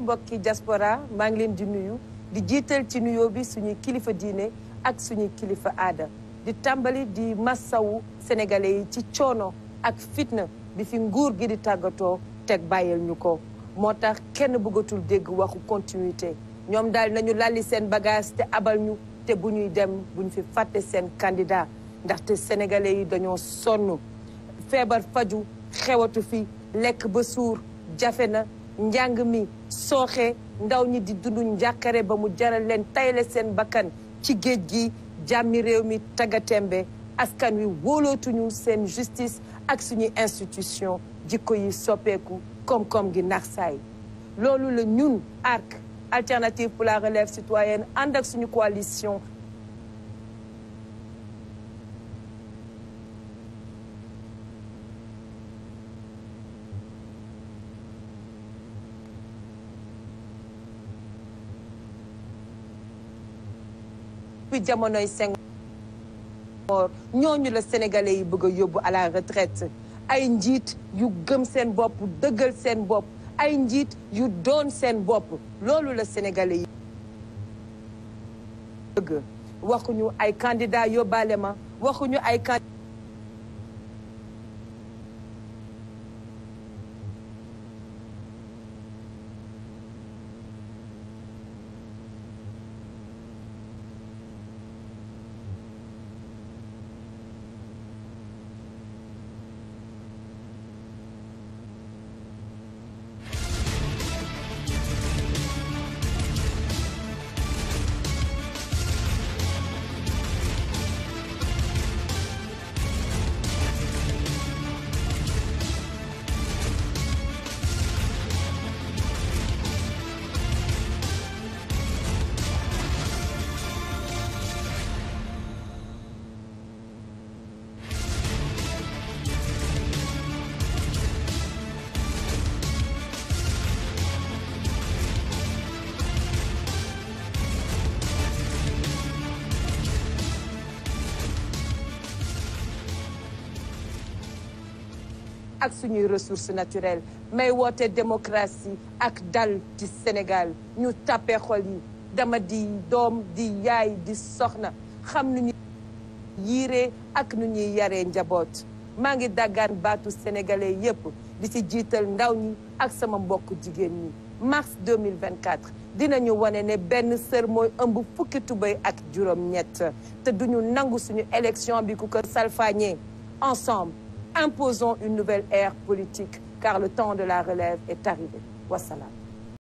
mbokki diaspora maa ngi leen di nuyu di jiital ci nuyoo bi suñuy kilifa diine ak suñuy kilifa aada di tàmbali di massawu sénégalais yi ci coono ak fitna bi fi nguur gi di tàggatoo teg bàyyil ñu ko moo tax kenn bëggatul dégg waxu continuité ñoom daal nañu lalli seen bagage te abal ñu te bu ñuy dem bu ñu fi fàtte seen candidat ndaxte sénégalais yi dañoo sonn feebar faju xewatu fi lekk ba suur jafe na njàng mi sooxee ndaw ñi di dund njàkkare ba mu jaral leen tayle seen bakkan ci géej gi jàmmi réew mi tagatembe askan wi wóolootuñu seen justice ak suñu institution jikko yi soppeeku koom-koom gi nax saay loolu la ñun ARC alternative pour la relève citoyenne ànd ak suñu coalition depuis jamonoy Senghor ñooñu la sénégalais yi bëgg yóbbu à la retraite ay njiit yu gëm seen bopp dëggal seen bopp ay njiit yu doon seen bopp loolu la sénégalais yi bëgg waxuñu ay candidat yóbbaale ma waxuñu ay ak suñuy ressources naturelles may woote démocratie ak dal ci Sénégal ñu tàppee xol yi dama di doom di yaay di soxna xam nu ñuy yiiree ak nu ñuy yaree njaboot maa ngi daggaan baatu sénégalais yépp di ci jiital ndaw ñi ak sama mbokk jigéen ñi mars dina dinañu wane ne benn sër mooy ëmb fukki tubéy ak juróom ñett te duñu nangu suñu élection bi ku ko salfaañee ensemble imposons une nouvelle ère politique car le temps de la relève est arrivé wasalaam